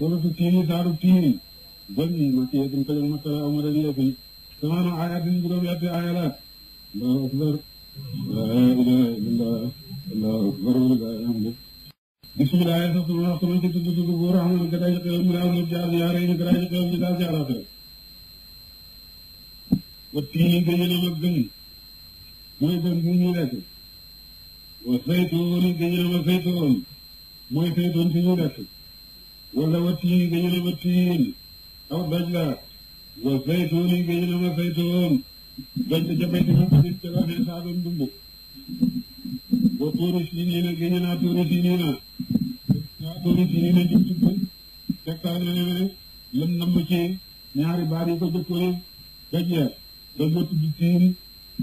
ثلث التين شهر التين بني مسيحة كذا مثلا أو مرني في ثمان آيات بلغة آيات الله أكبر لا إله إلا الله الله أكبر ولا الحمد بسم الله الرحمن الرحيم وقم كنت تدبر عمل كذا يقول من أول جار يارين كذا يقول كذا جار آخر والتين كذا لبن mooy bon bu ñu lekk wa saytuun dañu ne wa saytuun mooy saytuun si ñu lekk wala wattiin nga jële wattiin aw doj la wa saytuuni nga jële ma saytuun doj la ca bayti mu basit ca waxee saabam dumbu wa tuuri siniina nga jële naa tuuri siniina naa tuuri siniina jub tudd tegtal na ne lëm namm ci ñaari baat yi ko jëkkoon doj la doj wa tudd tiin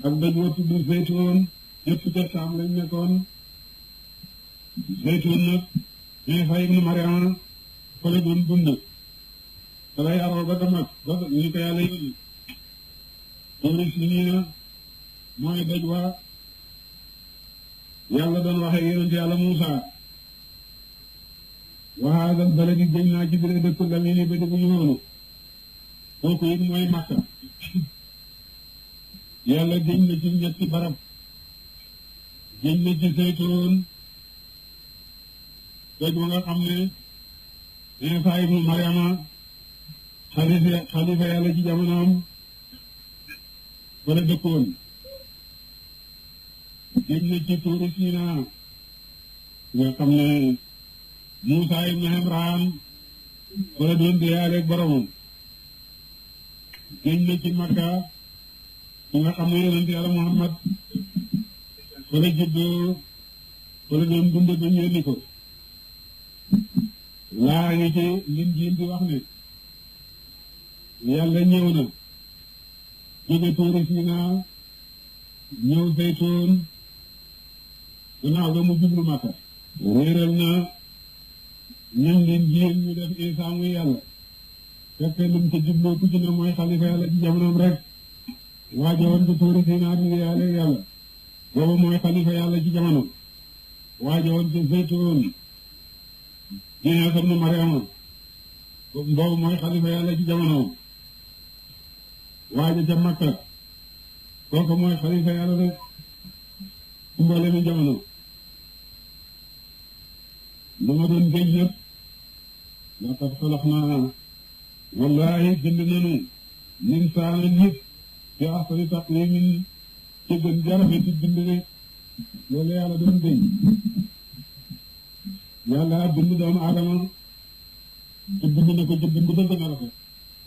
ak doj wa tudd saytuun ñëpp ca saam lañ nekkoon saytuun nag ñooy fay ibnu Mariama fële moom dund ba damat ba ko yàlla yónni dana si nii na mooy daj waa yàlla doon waxee yonent yàlla Muusa waxaadal bala di jëm naa ci biir dëkk lamee ni ba dëkk ñu noonu kooku it mooy Makka yàlla jëñ na ci ñetti barab jëñ na ci saytoon daj wa nga xam ne Isa ibnu Maryama xalifa xalifa yàlla ci jamonoom wala dëkkoon gis na ci tuuru Siina nga xam ne Muusa ibnu Imraan wala doon deyaaleeg boromam géej na ci Makka mu nga xam ne yonent yàlla Muhammad wala ba ñëw ko ñaara ngi ci lim jiim di wax ne yàlla ñëw na jóge tuuru Sinaa ñëw Zeytuun gannaaw ba mu jublu Makka réeral na ñun lim jiim ñu def Isaa muy yàlla fekk lim ci jubloo ku ci ne mooy xalifa yàlla ci jamonoom rek waaje woon ci tuuru Sinaa di yàlla yàlla boobu mooy xalifa yàlla ci jamonoom waaje woon ci Zeytuun nee na na Mariama boobu mooy xalifa yàlla ci jamonoom waaja ca Makka mooy xalifa yàlla rek ci mboolemi jamono lu ma doon géej yëpp laqad xalaqnaa wallaahi bind nanu ninsaana nit fi ahsani taqwiimin ci gën jarafeti bind rek loolu yàlla doon géej yàlla bind doomu aadama te bind na ko te bind ko gën a rafet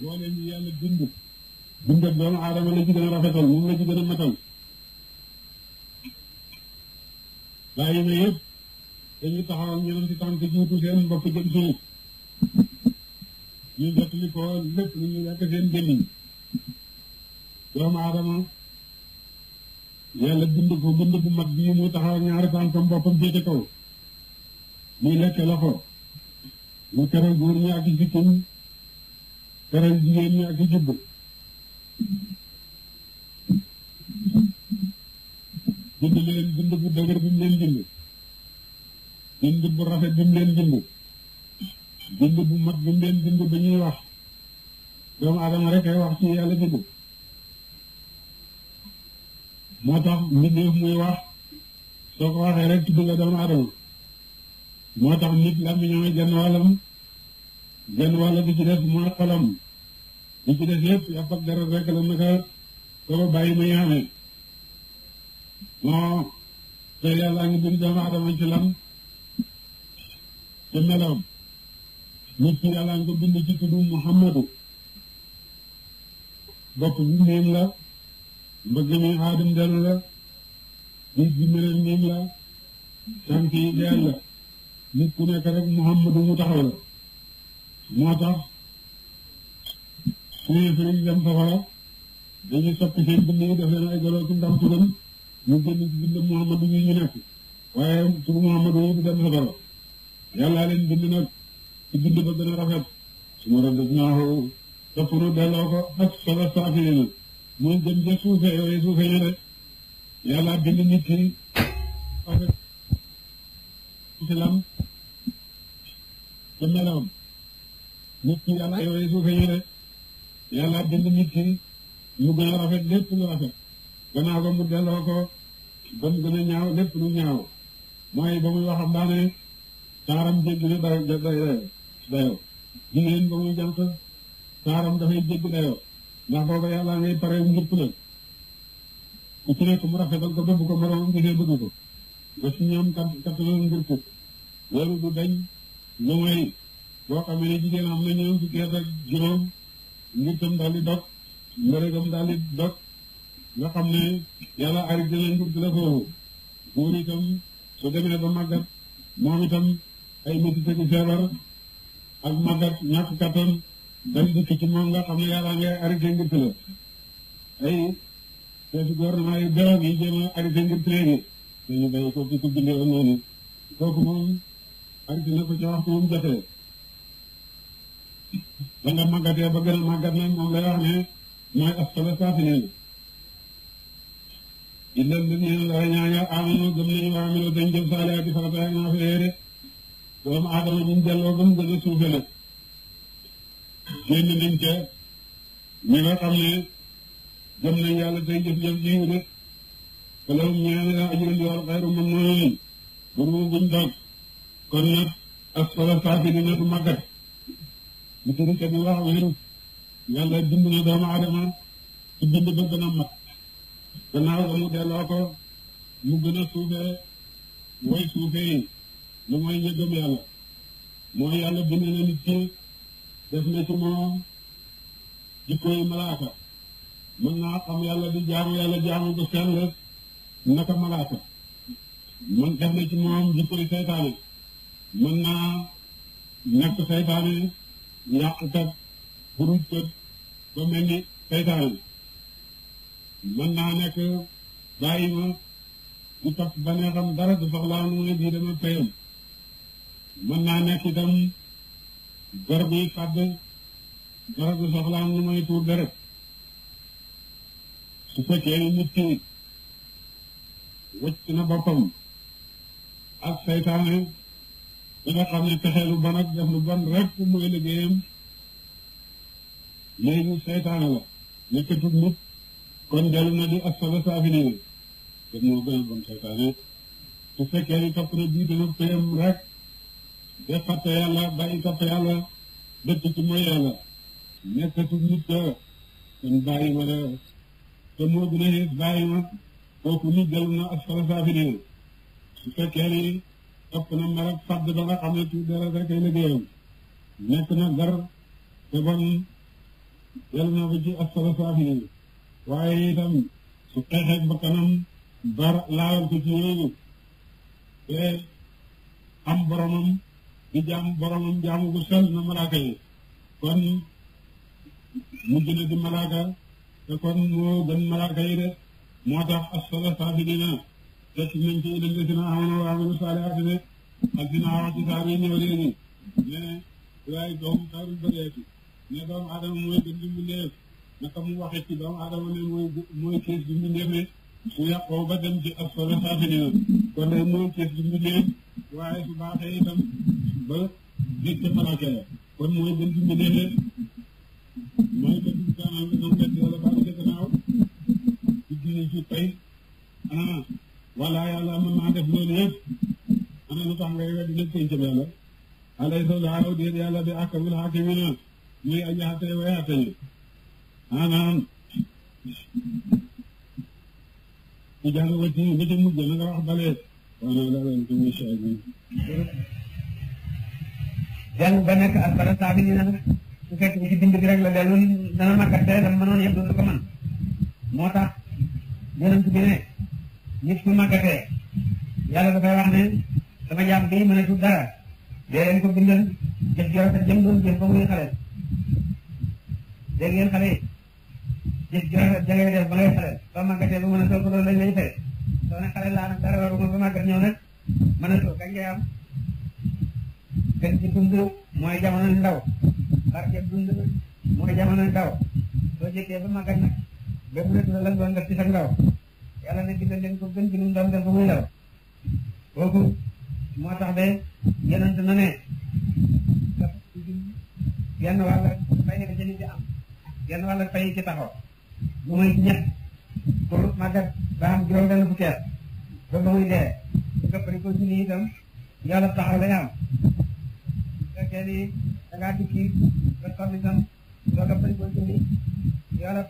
loolee ñu yàlla bind bind ak doomu aadama la ci gën a rafetal moom la ci gën a matal bàyyi na yëpp dañuy taxaw ñeneen ci tànk jiitu seen lépp lu ñu yàq seen njëriñ bu mag bii mu taxaw ñaari tànkam boppam féete kaw mii lekk la ko mu tere góor ñi ak sikkim tere jigéen ñi ak jubb bind leen bu dëgër bi mu leen bind bu rafet bi mu leen bind bu mat bi ba ñuy wax doomu aadama rek ay wax ci yàlla bind moo tax mbindeef muy wax soo rek tudd nga doomu aadama moo tax nit làmmiñam genn wàllam genn wàll di ci def mooy xolam di ci def yëpp yàpp ak dara rek la naka ko bàyyi muy amee moo te yàlla ngi bind doomu aadama ci lan ci meloom nit ki yàlla ngi ko bind ci tuddu Muhammadu bopp bi niim la mbëgg mi aadam dellu la nit bi mel niim la tànk yi deel la nit ku nekk rek Muhammadu mu taxawal moo tax su ñu sëriñ dem safara dañuy soppi seen dënn yi def leen ay golo ci ndax turam ñu génn ci bind Muhammadu yi ñu nekk waaye turu Muhammadu yi du dem safara yàllaa leen bind nag ci bind ba gën a rafet su ma rafet naa ko topp nu delloo ko ak solo saafiri na muy gën ca suufee yooyu suufee ñu rek yàllaa bind nit ki rafet islam ci meloom nit ki yàlla yooyu suufe yi de yàlla bind nit mu gën a rafet lépp lu rafet gannaaw ba mu delloo ko mu gën a ñaaw lépp lu ñaaw mooy ba muy waxam daane taaram jéggi na dayo dayo dayo jigéen ba muy jant taaram dafay jéggi dayo ndax booba yàlla ngay pare ñëpp la ku ci nekk mu rafetal ko bëgg ko moroomam gisee bëgg ko ba si ñoom kat kat loolu ngir loolu du dañ lu may boo xam ne jigéen am na ñoom fukki ngirtam daal di dog mbërëgam daal nga xam ne yàlla arit dina ngurti la foofu buur itam su demee ba màggat moom itam ay métit ak feebar ak màggat ñàkk kattan dem dikk ci moom nga xam ay feeti gouvernement yu beew yi jéem a arrêté ngirti léegi dañu bàyyi ko fi ko noonu ak dina ko ca wax moom jotee da nga màggatee ba gën a màggat nag moom lay wax ne mooy asfala saafiliin illal li ñeen la ñaaña amanu gëm nañu wa amilu dañ jëf saalihaati farataay naafile de doomu aadama buñ delloo gëm gën a suufe nag génn nañ ca ñi nga xam ne gëm nañ yàlla tey jëf-jëf jiwu de falahum ñeen la ajrun yor xayru mamnuun buñ dog kon nag ak xoolal fàtte bi nag màggat bu tëddee kenn wax wéru yàlla bind na doomu aadama ci bind ba gën a mat gannaaw ba mu delloo ko mu gën a suufee way suufee yi lu mooy ñi gëm yàlla mooy yàlla bind na nit ki def na ci moom jikko yi malaaka mën naa xam yàlla di jaamu yàlla jaamu bu sell naka malaaka man def na ci moom jikko yi mën naa nekk saytaane yàqkat bu dul tëj ba mel saytaane mën naa nekk bàyyi ma di topp ba ne dara du soxlaa mu ne dama payam mën naa nekk itam gor bi fàdd dara du soxlaa mu may tuur deret su fekkee ni nit wëcc na boppam ak saytaane li nga xam ne pexe lu bon ak def lu bon rek mooy liggéeyam léegi seytaane la nekkatul mukk kon dellu na di asfala saafiliina te moo gën a bon seytaane su fekkee ni na bii dana rek de fàtte yàlla bàyyi topp yàlla dëkk ci mooy yàlla nekkatul mukk kon bàyyi ma de te moo gën bàyyi ma kooku ni dellu na asfala saafiliina su fekkee topp na melak sàdd ba nga xam ne tuuti dara rek ay liggéeyam nekk na gar te bon dellu na ba ci asfala saafiliin waaye itam su xeexeeg ba kanam bar laawal ko ci yooyu te am boromam di jaam boromam jaamu gu na malaaka yi kon mujj na di malaaka te kon moo gën ma yi de moo tax asfala saafiliin def nañ ci dina amoon waa amul saalihaati ne ak dina wax ci saa ñuy ñëw di ne waaye doomu xayrul bariyati ne doomu aadama mooy gën di mbindeef naka mu waxee ci doomu aadama ne mooy mooy kees di mbindeef ne su yàqoo ba dem ci asfala saafiliin kon day mooy kees di mbindeef waaye su baaxee itam ba gis ci malaaka la kon mooy gën di mbindeef mooy gën di kaanaan bi ñoom gën di wala baax ci gannaaw ci diine ci tey ah wala yàlla mën naa def loolu yëpp ana lu tax ngay weddi lépp péncam yàlla alay sa laaw déet yàlla bi akamul xakimina muy aji xatte way xatte ñi anaan i jaana wacci ba ca mujj na nga wax balee wana la wen tum incha allah jàng ba nekk ak bala saabi ni nag su fekk ci bind bi rek la dellu dana màggat te dama mënoon yëpp doon ko mën moo tax yonent bi ne nit ku màggatee yàlla dafay wax ne sama jaam bii mënatul dara dee leen ko bindal jëf ju rafet jëm doon jëf ba muy xale dégg ngeen xale yi jëf ju rafet ja ngay xale soo màggatee mën a sol ko loolu lañ lay fay soo ne xale laa nag dara waruma ba màggat ñëw mën a sol kañ ngay am gën ci dund mooy jamono ndaw barke dund mooy jamono ndaw soo jëkkee ba màggat nag ba mënatu la lan doon def ci sa ndaw yàlla na bindal leen ko gën ci lu mu daan def ba kooku moo tax de yonent na ne yenn wàll fay nga jënd di am yenn wàll fay ci taxaw lu muy ñett pour màggat ba am juróom benn yàlla taxaw lay am ni da ngaa tukki ba sonn itam soo nga bëri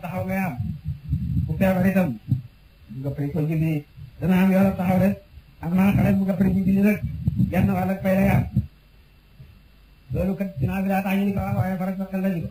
taxaw ngay am bu nga pay ko julli dana am yoolab taxaw de am naa xale bu nga pay bu julli rek genn wàll loolu kat dinaa bi daa ni ko wax waaye farat sakkal ko